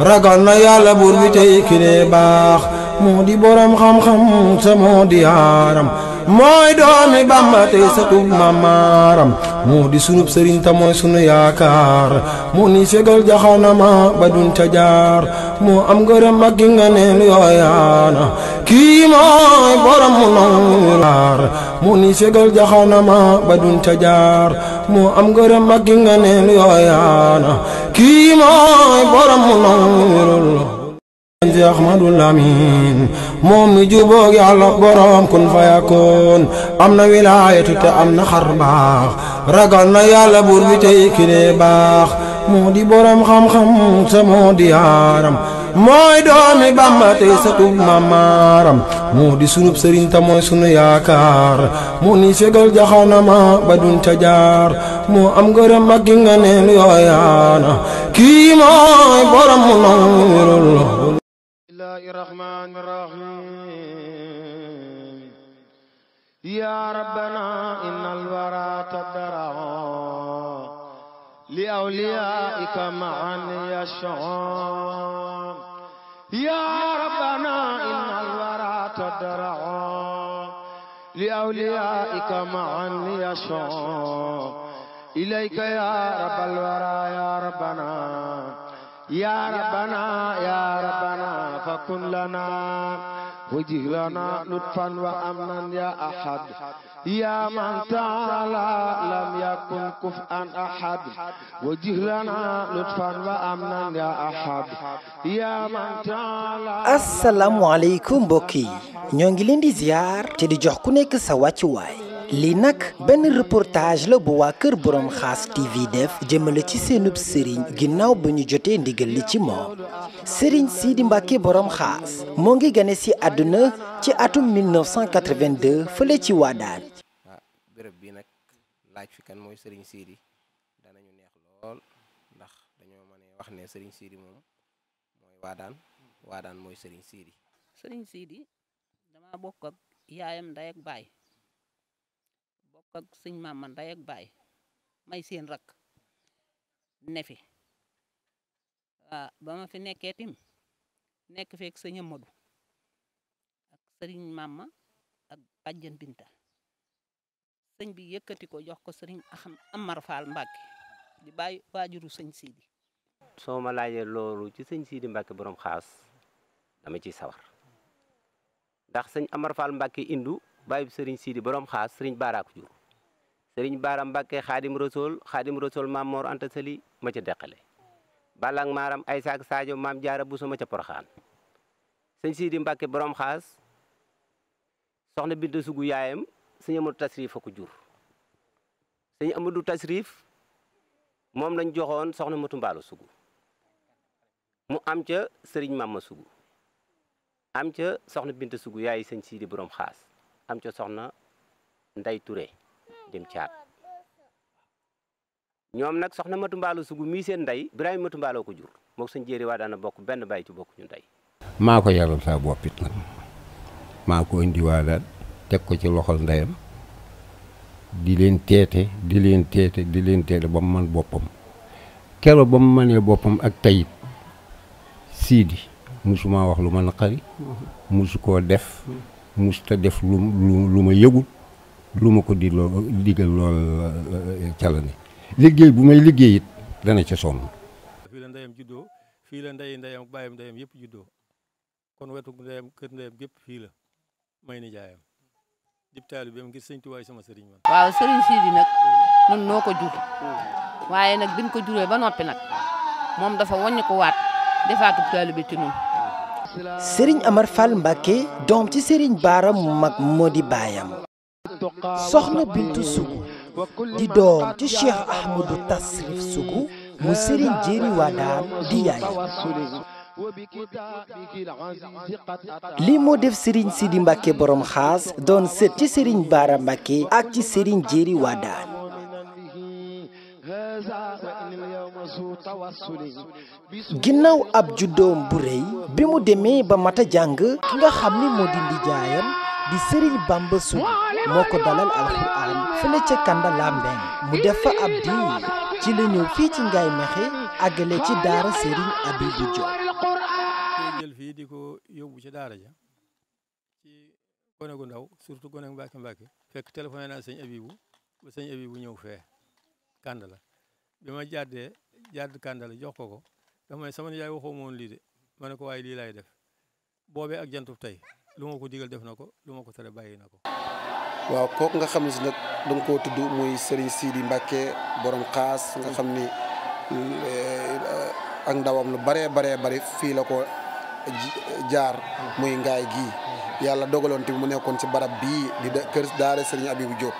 ragal na yàlla buur bi tey kile moo di boroom xam-xam sa moo di yaaram mooy doomi Bàmba sa tub mamaaram moo di sunub sëriñ ta mooy sunu yaakaar moo ni fegal jaxanama ba dun ca jaar moo am ngërëm ak gi yooyaana kii borom mu nangu laar ni fegal jaxanama ba dun ca jaar moo am ngërëm ak gi yooyaana kii borom mu nangu moom mi jubóog yàlla boroom kun fayakoon am na wilaayatu te am na xar baax ragal na yàlla buur bi tey kilee baax moo di boroom xam-xam sa moo di yaaram mooy doomi Bàmba tey satub mamaaram moo di sunub sëriñ ta mooy sunu yaakaar moo ni fegal jaxanama ba ca jaar moo am ngërëm ak gi nga yooyaana kii mooy boroom mu nangu الرحمن الرحيم يا ربنا إن الورى تدرى لأوليائك معا يشعون يا ربنا إن الورى تدرى لأوليائك معا يشعون إليك يا رب الورى يا ربنا يا ربنا يا ربنا فكن لنا وجه لنا لطفا وامنا يا احد يا من تعالى لم يكن كفءا احد وجه لنا لطفا وامنا يا احد يا من تعالى السلام عليكم بوكي ñoo ngi leen di ziar te di jox ku nekk sa wàccuwaay lii nag benn reportage la bu waa kër boroom xaas TV def jëmale ci seenub sëriñ ginnaaw ba ñu jotee ndigal li ci moom sëriñ siidi Mbacke boroom xaas moo ngi gane ci àdduna ci atum 1982 fële ci waadaan ah, béréb bi nag laaj fi kan mooy sëriñ Sidi danañu neex lool ndax dañoo mën wax ne sëriñ Sidi moom mooy mooy sëriñ Sidi sëriñ Sidi dama bokk ak yaayam ndey ak baay ak mama maam man ndey ak baay may seen rak nefi wa ah, waaw ba ma fi tim nekk fek sëñ Amadou ak sëriñ mama ak bàjjan Binta sëñ bi yëkkati ko jox ko Axam Amar Fall Mbacke di bay wajuru sëñ Sidi. soma laye lolu ci sëñ Sidi Mbacke borom xaas dama ci sawar ndax sëñ Amar Fall Mbacke indu bàyyi sëriñ Sidi borom xaas sëriñ Baaraku Sering barang mbàkke khadim rasul khadim rasul mam mor anta sali ma ca balang maram ay saak mam maam jaara buso Sengsi ca porxan serigne sidi mbàkke borom khas soxna binta sugu yaayam serigne amadou tasrif ko jur serigne amadou tasrif mom lañ soxna matu sugu mu am ca serigne mamma sugu am ca soxna binta sugu yaay serigne sidi borom khas am ca soxna Touré. dem caat ñoom nag soxna matu mbaalo sugu mii seen ndey Ibrahima matu ko jur mook sëñ jéeri waa daana bokk benn bàyyi ci bokk ñu ndey maa ko yaral saa boppit nag maa ko indiwaalaat teg ko ci loxol ndeyam di leen teete di leen teete di leen teete ba mu man boppam kero ba mu mënee boppam ak tayit siidi musuma wax lu ma naqari musu koo def musta def lu lu ma yëgul lu ko digloo digal euh, liggéey bu may liggéey it dana ca sonn. fii la ndeyam juddoo fii la ndey ndeyam bàyyam ndeyam yëpp juddoo kon wetu ndeyam kër ndeyam yëpp fii la may ni jaayam bi mu ngir sëñ Tuubaa sama sëriñ man. waaw sëriñ Sidi nag nun noo ko jur waaye nag biñ ko juree ba noppi nag moom dafa wàññi ko waat defaatub taalibe ci nun sëriñ Amar Fall Mbacke doom ci sëriñ Baara mu mag moo di baayam soxna Bintu Sougou di doom ci Cheikh Ahmadou Tasrif Sougou mu Serigne Jéeri Wadaan di yaay lii moo def Serigne Sidi Mbacke borom xaas doon sët ci Serigne Bara Mbacke ak ci Serigne Jéeri Wadaan ginnaaw ab juddoom bu rëy bi demee ba mata jàng ki nga xam ni moo di ndijaayam di Serigne Bamba Soug moo ko dalal alxuraan fële ca Kanda Lambeng mu def fa ab diir ci la ñëw fii ci Ngaye Mékhé àggale ci daara Serigne Abibou Diop. jël fii di ko yóbbu ci daara ja ci gone gu ndaw surtu gone gu mbàkke mbàkke fekk téléphoné naa sëñ Abibou ba sëñ Abibou ñëw fee Kanda la bi ma jàddee jàdd Kanda jox ko ko dafa may sama nijaay waxoo moon lii de ma ko waaye lii laay def boobee ak jantub tey lu ma ko digal def na ko lu ma ko tere bàyyi na ko. waaw kook nga xam ne si nag da nga tudd muy Serigne Sidi mbakke borom xaas nga xam ni eh, ak ndawam lu baree baree bari fii la ko jaar muy ngaay gi yàlla dogaloon te mu nekkoon ci barab bii di kër daara Serigne Abibou Diop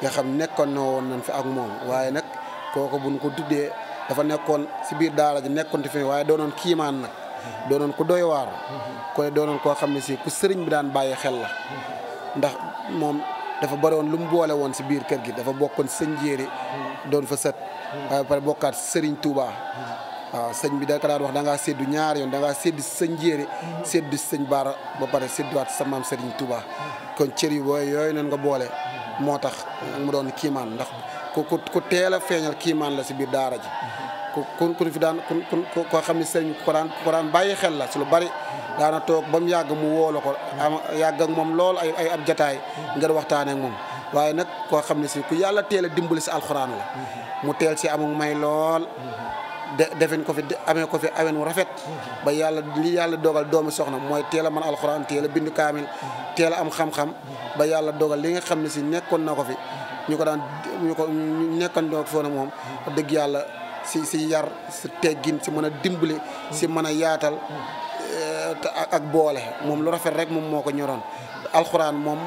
nga xam nekkoon na woon nañ fi ak moom waaye nag kooku bun ko tuddee dafa nekkoon si biir daara ji nekkoon te fi waaye doonoon kiimaan nag doonoon ku doy waar ko doonoon koo xam ne si ku sëriñ bi daan bàyyi xel la ndax moom dafa bari woon lu mu boole woon si biir kër gi dafa bokkoon sëñ jéeri doon fa sët waaye pare bokkaat sëriñ Touba. waaw sëñ bi da ka daan wax da ngaa séddu da ngaa séddu sëñ jéeri séddu sëñ baara ba pare sédduwaat sa maam sëriñ Touba kon cër yu booy yooyu noonu nga boole moo tax mu doon kiimaan ndax ku ku teel a feeñal kiimaan la si biir daara ji ku ku fi daan ku koo xam ne sëriñ ku ko daan ku ko daan bàyyi xel la si lu bari. daana toog ba mu yàgg mu woo la ko. am yàgg ak moom lool ay ay jataay. ngir waxtaanee moom. waaye nag koo xam ne si ku yàlla teel a dimbali si alxuraan mu teel si amul may lool. de defen ko fi amee ko fi awen mu rafet ba yàlla li yàlla dogal doomi soxna mooy teel a mën alxuraan teel a bind kaamil teel a am xam-xam ba yàlla dogal li nga xam ne si nekkoon na ko fi ñu ko daan ñu ko nekkoon doog moom dëgg yàlla si si yar si teggin si mën a dimbali si mën a yaatal eh, ak boole moom lu rafet rek moom moo ko ñoroon alxuraan moom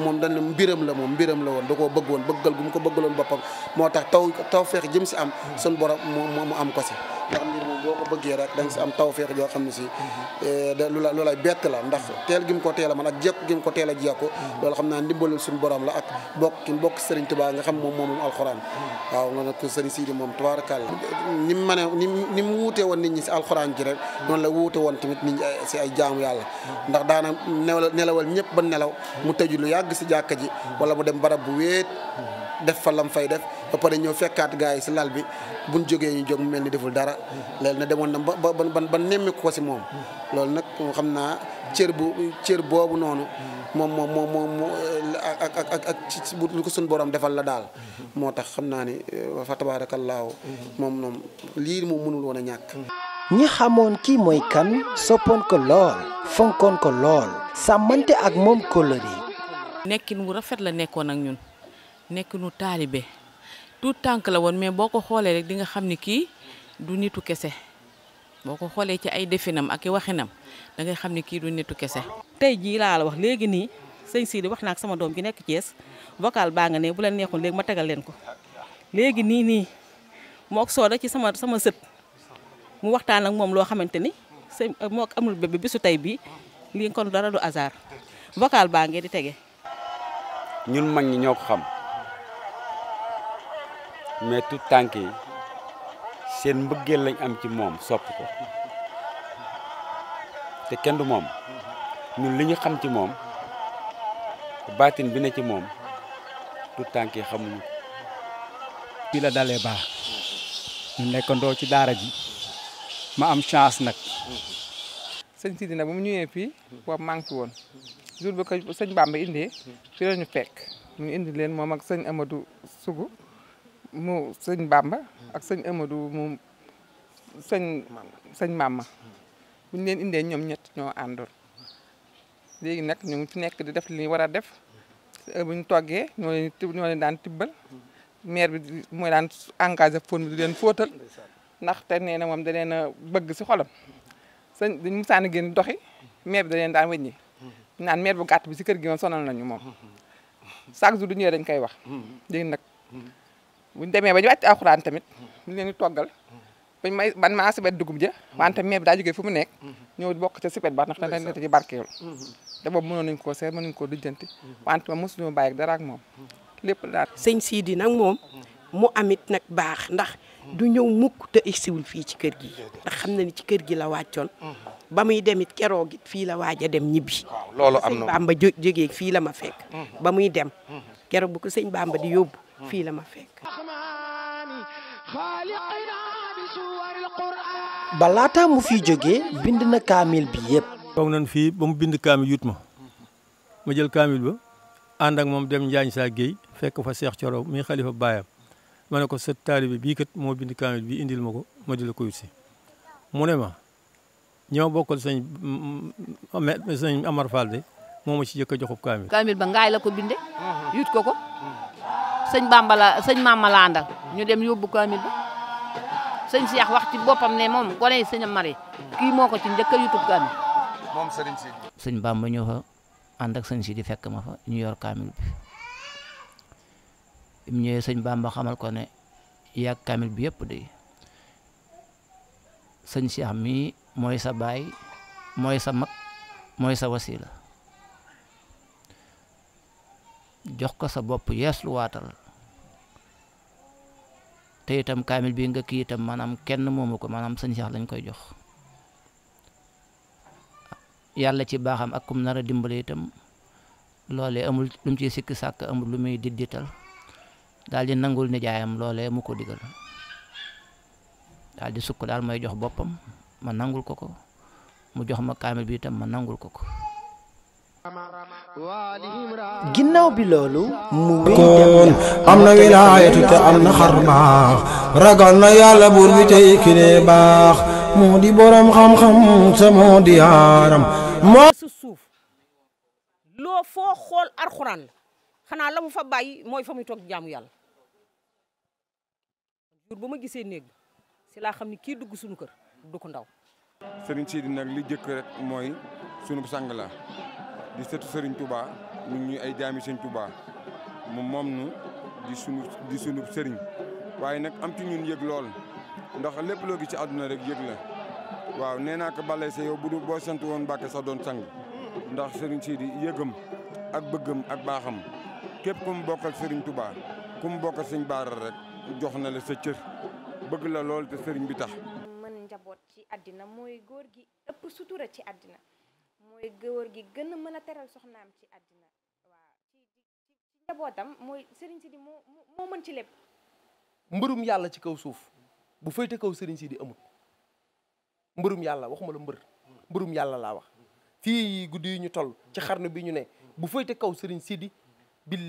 moom dañ ne mbiram la moom mbiram la woon da koo bëgg woon bëggal bu mu ko bëggaloon boppam moo tax taw taw feex jëm si am sun borom mu mu am ko si ndax boo ko bëggee rek da si am taw feex joo xam ne si eh, lu la lu lay bett ndax teel gi mu ko teel man ak jekku gi ko teel a jekku loolu xam naa ndimbalul suñu borom la ak bokk ki bokk Serigne nga xam moom moom moom alxuraan waaw nga nag Serigne Sidi moom tabaarakal ni mu mane ni ni mu wuute woon nit ñi si alxuraan ji rek noonu la wuute woon tamit nit ñi eh, si ay jaamu yàlla ndax daana nelawal ñëpp ba nelaw mu tëju lu yàgg si jàkka ji wala mu dem barab bu wéet def fa lam fay def ba pare ñëw fekkaat gars yi si lal bi buñ jógee ñu jóg mu mel ni deful dara léegi na demoon na ba ba ba ba nemmeeku ko si moom loolu nag xam naa cër bu cër boobu noonu moom moom moom lu ko suñ boroom defal la daal moo tax xam naa ni eh, fa tabaarakallaahu moom moom lii moom mënul a ñàkk ñi xamoon kii mooy kan soppoon ko lool fonkoon ko lool sàmmante ak moom kóllëre nekkin wu rafet la nekkoon ak ñun nekkinu taalibe tout tànk la woon mais boo ko xoolee rek di nga xam ni kii du nitu kese boo ko xoolee ci ay definam ak i waxinam da ngay xam ni kii du nitu kese. tey jii laa la wax léegi nii sii Sidi wax naa sama doom ji nekk Thiès vocal baa nga ne bu leen neexul léegi ma tegal leen ko léegi nii nii mook ak sooda ci sama sama sët mu waxtaan ak moom loo xamante ni sëñ mook ak amul bébé bisu tey bii lii kon dara du hasard vocal baa ngee di tege. ñun mag ñi ñoo ko xam. mais tout tànk yi seen mbëggeel lañ am ci moom sopp ko te kenn du moom ñun liñu xam ci moom baatin bi ne ci moom tout tànk xamuñu fii la dalee baax ñu nekkandoo ci daara ji ma am chance nag sëñ Sidi nag bu mu ñëwee fii boobu maa ngi fi woon jour ba ko sëñ Bamba indee fi la ñu fekk indi leen moom ak sëñ Amadou Sougou mu sëñ Bamba ak sëñ Amadou mu sëñ sëñ Mama buñ leen indee ñoom ñett ñoo àndoon léegi nag ñu ngi ci nekk di def li ñu war a def buñ toggee ñoo leen ñoo leen daan tibbal maire bi mooy daan engagé fóon bi di leen fóotal ndaxte nee na moom da leen a bëgg si xolam sëñ dañ musaan a génn doxi mair bi da leen daan wëññi naan maire bu gàtt bi si kër gi moom sonal nañu moom chaque jour du ñëwee dañ koy wax léegi nag buñ demee ba ñu wàcc alxuraan tamit ñu leen toggal bañ may ban maa sibet dugub ja wante mais bi daa jógee fu mu nekk ñëw bokk a sibet ba ndax dañ leen di barkeelu te boobu mënoon nañ koo seet mënuñ koo dijjanti wante ma mosuñoo bàyyi ak ak moom lépp daal sëñ Sidi nag moom mu amit nag baax ndax du ñëw mukk te egsiwul fii ci kër gi xam na ni ci kër gi la wàccoon ba muy demit keroog it fii la waaj a dem ñibbi loolu am na Bamba jógee fii la ma fekk ba muy dem keroog bu ko sëñ Bamba di yóbbu fii la ma fekk balaataa mu fiy jógee bind na kaamil bi yëpp. toog nañ fii ba mu bind kaamil yut ma ma jël kaamil ba ànd ak moom dem Njaañ saa Géey fekk fa Seex Coro mi xalifa baayam ma ne ko sa taalibe bii kat moo bind kaamil bi indil ma ko ma di la ko yut si mu ma ñoo bokkal mm, mm, sëñ Amar Fall de moo ma ci jëkk a kaamil. kaamil ba ngaay la ko binde yut ko ko. sëñ Bamba la sëñ ma la àndal ñu dem yóbbu kaamil ba sëñ Cheikh wax ci boppam ne moom gone yi sëñ Mari kii moo ko ci njëkk yutub kaamil. moom sëriñ si. sëñ Bamba ñëw fa sëñ si di fekk ma fa ñu yor kaamil bi mu ñëwee sëñ Bamba xamal ko ne yàgg kaamil bi yëpp de sëñ Cheikh mii mooy sa baay mooy sa mag mooy sa wasila jox ko sa bopp yeesluwaatal te itam kaamil bi nga kii itam maanaam kenn moomu ko maanaam sëñ sax lañ koy jox yàlla ci baaxam ak kum nar a dimbale itam loole amul lu ci ciy sikki sàkk amul lu muy diddital dal di nangul nijaayam loole mu ko digal daal di sukk daal mooy jox boppam ma nangul ko ko mu jox ma kaamil bi itam ma nangul ko ko ginnaaw bi loolu mu wéy am na wilaayatu te am na xar baax ragal na yàlla buur bi tey kilee baax moo di boroom xam-xam sa moo di yaaram moo su suuf loo foo xool arxuraan la xanaa la mu fa bàyyi mooy fa muy toog jaamu yàlla jur ba ma gisee néeg ba si laa xam ni kii dugg suñu kër du ndaw sëriñ Sidi la di sëtu sëriñ Touba ñun ñu ay jaami Serigne Touba mu moom nu di sunu di sunu sëriñ waaye nag am ci ñun yëg lool ndax lépp loo gis ci àdduna rek yëg la waaw nee naa ko balay sa yow bu du boo sant woon Mbàkke sax doon sang ndax Serigne di yëgam ak bëggam ak baaxam képp ku mu bokkal sëriñ Touba ku mu bokkal Serigne Bara rek jox na la sa cër bëgg la lool te Serigne bi tax. mën njaboot ci àddina mooy góor gi ëpp sutura ci àddina. mooy gi gën a mën a teral soxnaam ci àddina waaw ci ci njabootam mooy sëriñ Sidi moo moo mën ci lépp mbërum yàlla ci kaw suuf bu féete kaw sëriñ Sidi amut mbërum yàlla waxuma la mbër mbërum yàlla laa wax fii guddi yu ñu toll ci xarnu bi ñu ne bu féete kaw sëriñ Sidi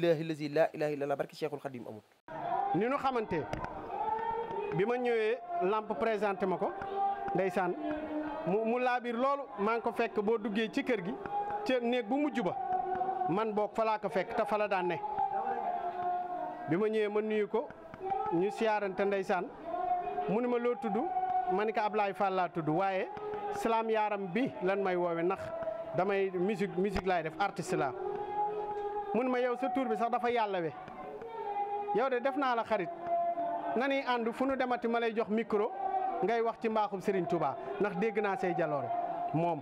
la lazi laa ilaha illallah barki cheikhul xadim amut ni nu xamante bi ma ñëwee làmp présenté ma ko ndeysaan mu mu laabiir loolu maa ngi ko fekk boo duggee ci kër gi ca néeg bu mujj ba man boog fa ko fekk te fa daan ne bi ma ñëwee ma nuyu ko ñu siyaarante ndeysaan mu ne ma loo tudd ma ne ko Ablaye Fall laa tudd waaye salaam yaaram bi lan may woowe ndax damay musique musique laay def artiste laa mu ma yow sa tuur bi sax dafa yàlla we yow de def naa la xarit na ni ànd fu nu demati ma lay jox micro ngay wax ci mbaxum serigne touba ndax deg na say jalor mom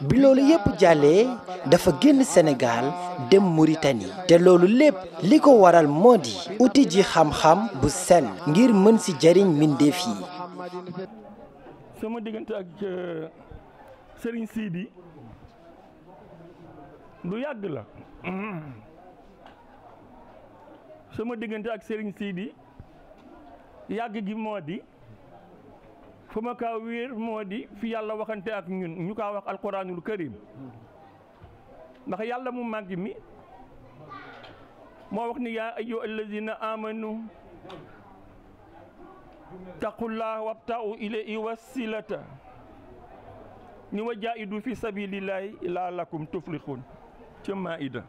bi loolu yep jalle dafa genn senegal dem mauritanie te loolu lepp liko waral modi outi ji xam-xam bu sen ngir mën si jariñ mindeef yi sama diggante ak euh, serigne sidi du yag la sama diggante ak serigne sidi yàgg gi moo di fu ma kaa wéer moo di fi yàlla waxante ak ñun ñu kaa wax alquranul karim ndax yàlla mu màgg mi moo wax ni yaa ayu alladina amanu taqullah wabtau ilayhi wasilata ni wa jaidu fi sabilillahi laalakum tuflixun ca maida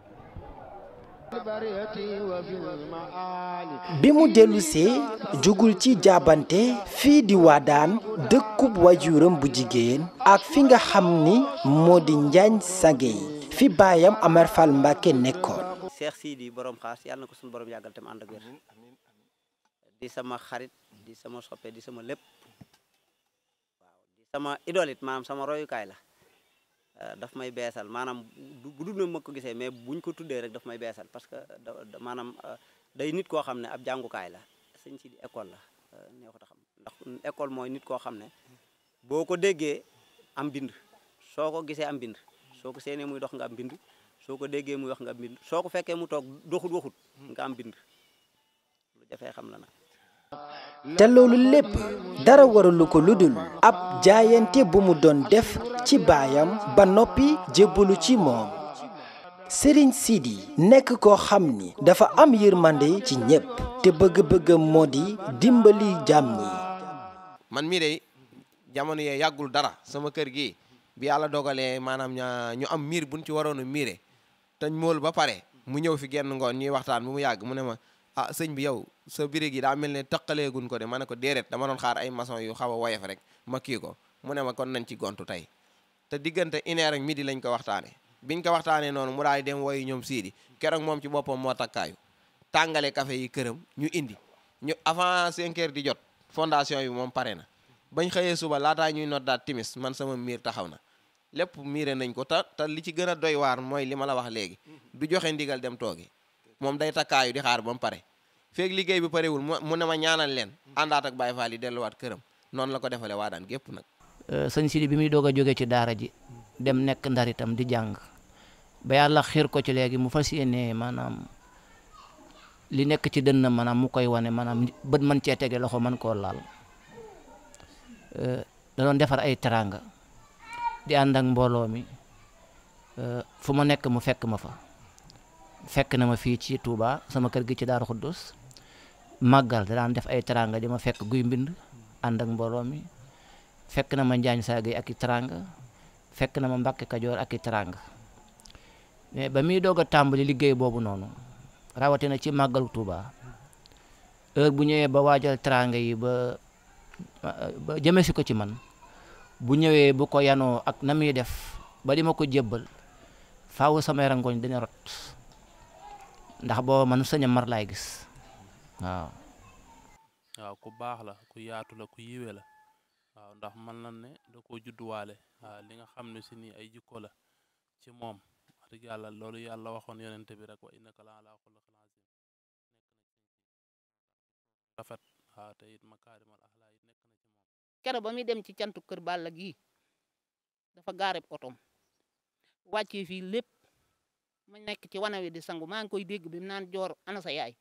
bi mu dellusee jugul ci jabanté fi di waadaan dëkkub wajuram bu jigen ak fi nga xamni modi moo di fi bayam Amar Fall Mbàkke nekkoon cheikh Sidi borom xaas yalla na ko suñu borom yagal tam ànd ak di sama xarit di sama soppé di sama lepp di sama idolit manam sama kay la Euh, daf may beesal maanaam bu dul ma ko gisee mais bu ñu ko tuddee rek daf may beesal parce que maanaam euh, day nit koo xam ne ab jàngukaay la sëñ si di école la euh, neexut a xam ndax école mooy nit koo xam ne boo ko déggee am bind soo ko gisee am bind soo ko seenee muy dox nga am bind soo ko déggee muy wax nga am bind soo ko fekkee mu toog doxut waxut nga am bind lu jafee xam la na te loolu lépp dara waralu ko lu dul ab jaayante bu mu doon def ci baayam ba noppi jébbalu ci moom Serigne Sidi nekk koo xam ni dafa am yir yërmande ci ñépp te bëgg-bëggam moo di dimbali jàmm ñi man mii de jamono yee yàggul dara sama kër gi bi yàlla dogalee maanaam ñu am miir buñ ci waroon a miire te mool ba pare mu ñëw fi genn ngoon ñuy waxtaan bu mu yàgg mu ne ma ah sëñ bi yow sa birig yi daa mel ne taqaleegun ko de ma ne ko déedéet dama doon xaar ay maçon yu xaw a woyof rek ma kii ko mu ne ma kon nañ ci gontu tey te diggante une heure di lañ ko waxtaane biñ ko waxtaanee noonu mu daal dem woyu ñoom siidi keroog moom ci boppam moo takkaayu tàngale kafe yi këram ñu indi ñu avant cinq di jot fondation bi moom pare na bañ xëyee suba laataa ñuy daal timis man sama miir taxaw na lépp miire nañ ko te te li ci gën a doy mooy li ma la wax léegi du joxe ndigal dem toogi mom day takkaayu di xaar bam paré pare feeg liggéey bi wul mu ne ma ñaanal leen tak ak Baye Fall delu wat kërëm non la ko défalé waa daan nak euh señ Sidi bi mi doga joggé ci daara ji dem nek ndar itam di jang ba yalla xir ko ci légui mu fas manam li nek ci deun manam mu koy wone manam beut man ci loxo man ko laal euh, da doon defar ay teranga di andang ak mi euh, fu fuma nek mu fekk ma fa fekk na ma fii ci Touba sama kër gi ci Daaru Xuddus màggal da daan def ay teranga di ma fekk guy mbind ànd ak mbooloo mi fekk na ma njaañ fek yi ak i teranga fekk na ma Mbàkke Kajoor ak i teranga mais ba muy doog a tàmbali liggéey boobu noonu rawatina ci màggalu Touba heure bu ñëwee ba waajal teranga yi ba ba jëmee si ko ci man bu ñëwee bu ko yanoo ak na muy def ba di ma ko jébbal faaw samay rangooñ dina rot ndax booba man sëñ Amar laay gis waaw. ku baax la ku yaatu la ku yiwe la waaw ndax man na ne da ko judduwaale waaw li nga xam ne si ni ay jikko la ci moom wax dëgg yàlla loolu yàlla waxoon yonent bi rek wa innaka la ala xuluqin nekk na ci moom kero ba muy dem ci cantu kër Balla gi dafa gaareb otom wàccee fii lépp nekk ci wana wi di sangu maa ngi koy dégg bi mu ana sa yaay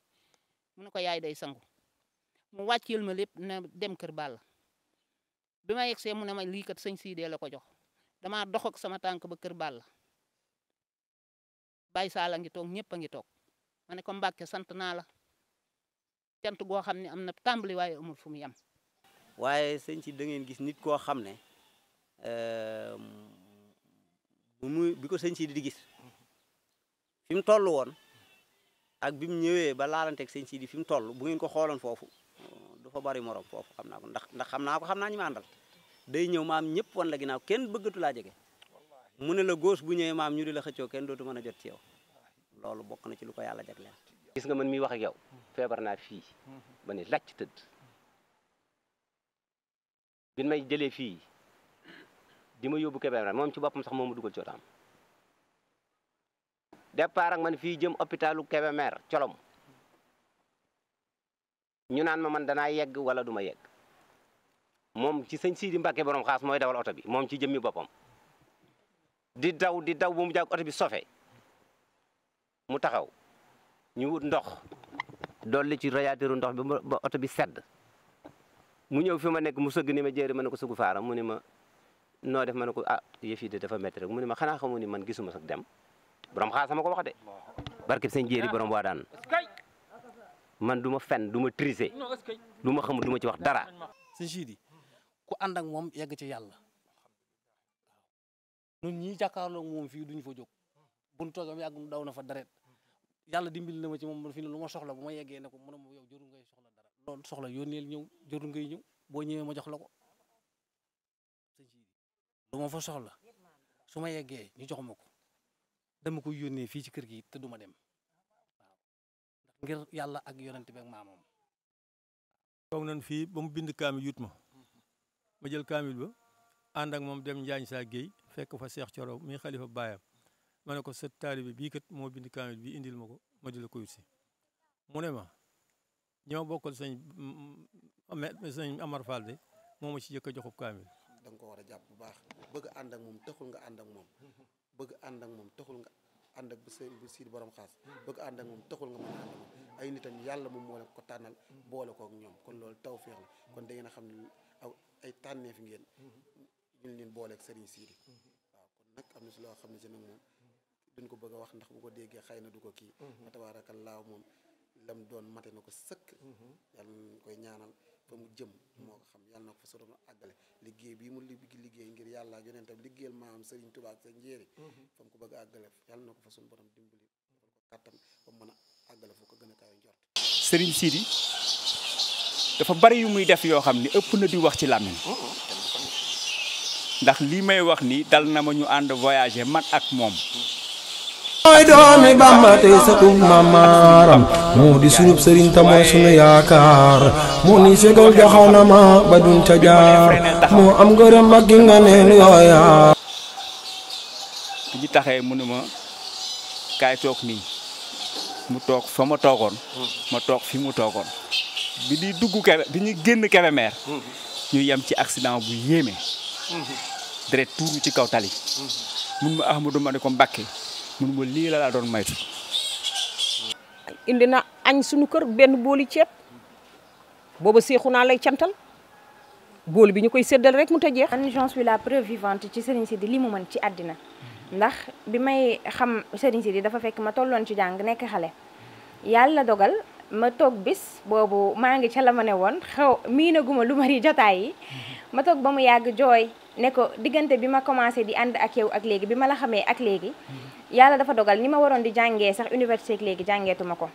mu ne ko yaay day sangu mu ma lip na dem kër Balla bima ma mu ne ma likat kat sëñ Siidee la ko jox dama dox ak sama tank ba kër Balla Baye Sala ngi tok ñepp ngi tok ma ne ko mbacke sant na la tent go xamni ne am waye amul fu mu yam waye ci da ngeen gis nit ko xamne ne bu euh, biko bi ko di gis. fi mu toll woon ak bi mu ñëwee ba laalanteeg sëñ Sidi fi mu toll bu ko xooloon foofu du fa bari morom foofu xam naa ko ndax ndax xam naa ko xam naa ñu ma àndal day ñëw maam ñëpp wan la ginaaw kenn bëggatu laa jege mu ne la góos bu ñëwee maam ñu di la xëccoo kenn dootu mën a jot ci yow loolu bokk na ci lu ko yàlla jagleel. gis nga man miy wax ak yow feebar naa fii ba ne làcc tëdd bin may jëlee fii di ma yoobu Kébémer moom ci boppam sax moomu dugal cootaam. départ ak man fii jëm hôpitalu colom ñu naan ma man danaa yegg wala duma yegg moom ci sëñ Sidi Mbacke borom xaas mooy dawal oto bi moom ci jëmmi boppam di daw di daw bu mu jàgg bi sofe mu taxaw ñu wut ndox dolli ci radiateur ndox bi ba oto bi sedd mu ñew fi ma nek mu sëgg ni ma man ko faara mu ni ma no def man ko ah yefi de dafa metti rek mu ni ma xana xamu ni man gisuma sax dem borom xaas sama ko wax de barke sëñ jéeri borom waadaan man duma fen duma triser duma xam duma ci wax dara sëñ jidi ku and ak mom yegg ci yalla ñun ñii ak mom fi duñ fa jog buñ toogam yàggum daw na fa daret yalla dimbil na ma ci moom fi ne lu ma soxla buma yegge yeggee ne ko mu yow jëru ngay soxla dara lool soxla yónneel ñew jëru ngay ñew bo ñewé ma jox lako ko jidi Sidi fa soxla suma yegge ñu jox mako dama ko yone fi ci kër gi te duma dem ngir yalla ak yonent bi ak mamam tok nañ fi ba mu bind kamil yut ma ma jël kamil ba and ak mom dem Njaañ sa geey fekk fa cheikh Coro mi khalifa bayam ma ko sa talib bi kat mo bind kamil bi indil mako ma jël ko yut si mu ne ma ñoo señ Amar Fall de ci jëk a kamil dang ko wara japp bu baax bëgg and ak mom taxul nga and ak mom bëgg ànd ak moom taxul nga ànd ak bu sëñ bu siid borom xaas bëgg ànd ak moom taxul nga mën a ànd ak moom ay nitam yàlla moom moo la ko tànnal boole kook ñoom kon loolu tawféex la kon da ngeen a xam ne aw ay tànneef ngeen ñu leen booleeg sëriñ siidi waaw kon nag am na si loo xam ne si nag moom duñ ko bëgg a wax ndax bu ko déggee xëy na du ko kii fa tabaarakallaahu moom lam doon mate na ko sëkk mm-hmm. yàlla koy ñaanal fa mu jëm moo ko xam yàlla na ko fa soroon àggale liggéey bii mu liggey ngir yàlla ak yonentam liggéeyal maam Serigne Touba ak sa njéeri mhm. fa mu ko bëgg agale yalla nako fa sun borom dimbali defal ko kàttan ba mëna agale a ko gëna a kawe Serigne Sidi dafa bari yu muy def yo xamni ëpp na di wax ci lamine mhm, ndax li may wax ni dal na ma ñu and voyager mat ak mom mooy doomi Bamba sa satub mamaram mo di suñu serigne tamoy suñu yaakar mu ni segal jaxanama badun dun ca jaar mu am ngërëm ak gi nga neen yooya bi ñu taxee mu ne ma mu tok fa ma toogoon hmm. ma tok fi mu toogoon bi di dugg ke bi hmm. ñu génn mer ñu yam ci accident bu yeme. Hmm. deret tour ci kaw tali mun ma Ahmadou mané ko mbacké mun ma li la la doon maytu indina agn suñu kër ben boli ceeb boobu seexu naa lay cantal góol bi ñu koy séddal rek mu ta jeex. man j'en suis la preuve ci Serigne Sidi li mu mën ci àddina ndax bi may xam Serigne Sidi dafa fekk ma tolloon ci jàng nekk xale yàlla dogal ma toog bis boobu maa ngi ca la ne woon xew miinaguma lu mari jotaay yi ma toog ba mu yàgg jooy ne ko diggante bi ma commencé di ànd ak yow ak léegi bi ma la xamee ak léegi yàlla dafa dogal ni ma waroon di jàngee sax université ak léegi jàngeetuma ko.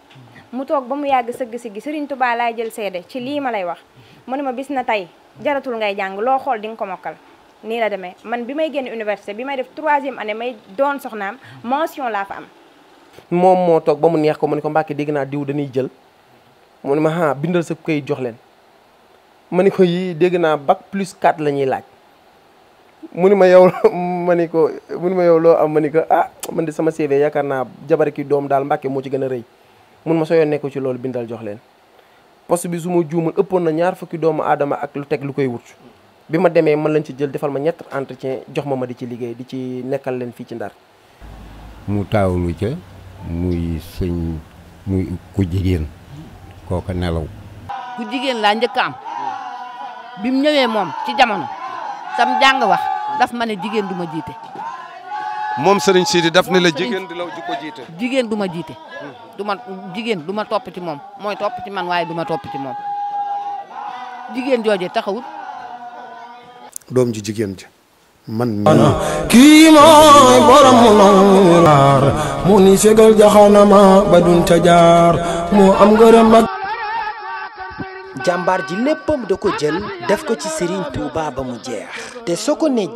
mu tok ba mu yàgg sëgg si gi Serigne Touba lay jël sédé ci li ma lay wax mu ma bis na tay jaratul ngay jang lo xol ding ko mokal ni la démé man bi may génn université bi may def troisième année may doon soxnam mention la fa am. moom mo tok ba mu neex ko mu ne ko Mbàkke dégg diw dañuy jël mu ma ah, bindal sa kay jox len ko yii bac plus 4 lañuy laaj. mu ma yow ma ko moni ma yow lo am ma ko ah man di sama CV yakarna jabaraki jabar ki dom mo ci gëna reuy mun ma soo yoon nekku ci loolu bindal jox leen poste bi su ma juumul ëppoon na ñaar fukki doomu aadama ak lu teg lu koy wut bi ma demee man lañ ci jël defal ma ñett entretien jox ma ma di ci liggéey di ci nekkal leen fii ci ndar mu taawlu ca muy sëñ muy ku jigéen kooka nelaw ku jigéen laa njëkk am bi mu ñëwee moom ci jamono sam jàng wax daf ma ne jigéen du ma jiite moom sëriñ Sidi daf ni la jigéen di la ju ko jigéen du ma jiite. du ma jigéen du ma topp ci moom mooy topp ci man waaye du ma topp ci moom jigéen jooje taxawut. doom ji jigéen ji man. kii mooy borom mu laar mu ni segal jaxanama ba dun jaar mu am ngërëm ak. jàmbaar ji léppam da jël def ko ci sëriñ Touba ba mu jeex. te soo ko nee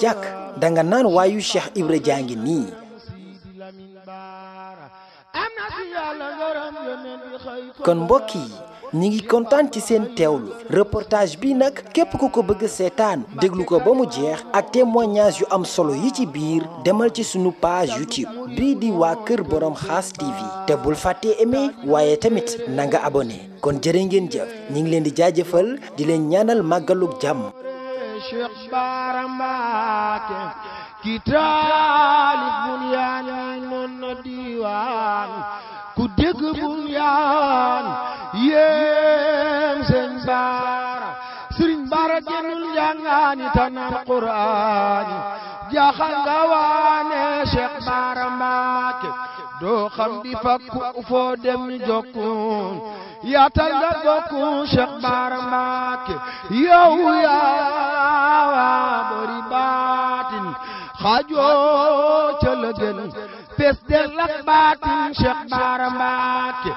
danga naan waayu Cheikh Ibra jaa ngi nii kon mbokk yi ñu ngi kontaan ci seen teewlu reportage bi nag képp ku ko bëgg seetaan déglu ko ba mu jeex ak témoignage yu am solo yi ci biir demal ci sunu page YouTube bii di waa kër borom xaas TV te bul fàtte aimé waaye tamit na nga abonné kon jëre ngeen jëf ñi ngi leen di jaajëfal di leen ñaanal màggalug jàmm Cheikh Bara Mbacké ki taalif Bunyaan yi mën na diwaan ku dégg Bunyaan yéem sëñ Bara sëriñ Bara jënul jàngaani tanar Qur'aani jaxal nga waane Cheikh Bara doo xam di fakku foo dem ñu jokku yaatal nga bokku Cheikh Bara Mbacké yow yaa waa bari baatin xaajoo ca la gën pes del ak baatin Cheikh Bara Mbacké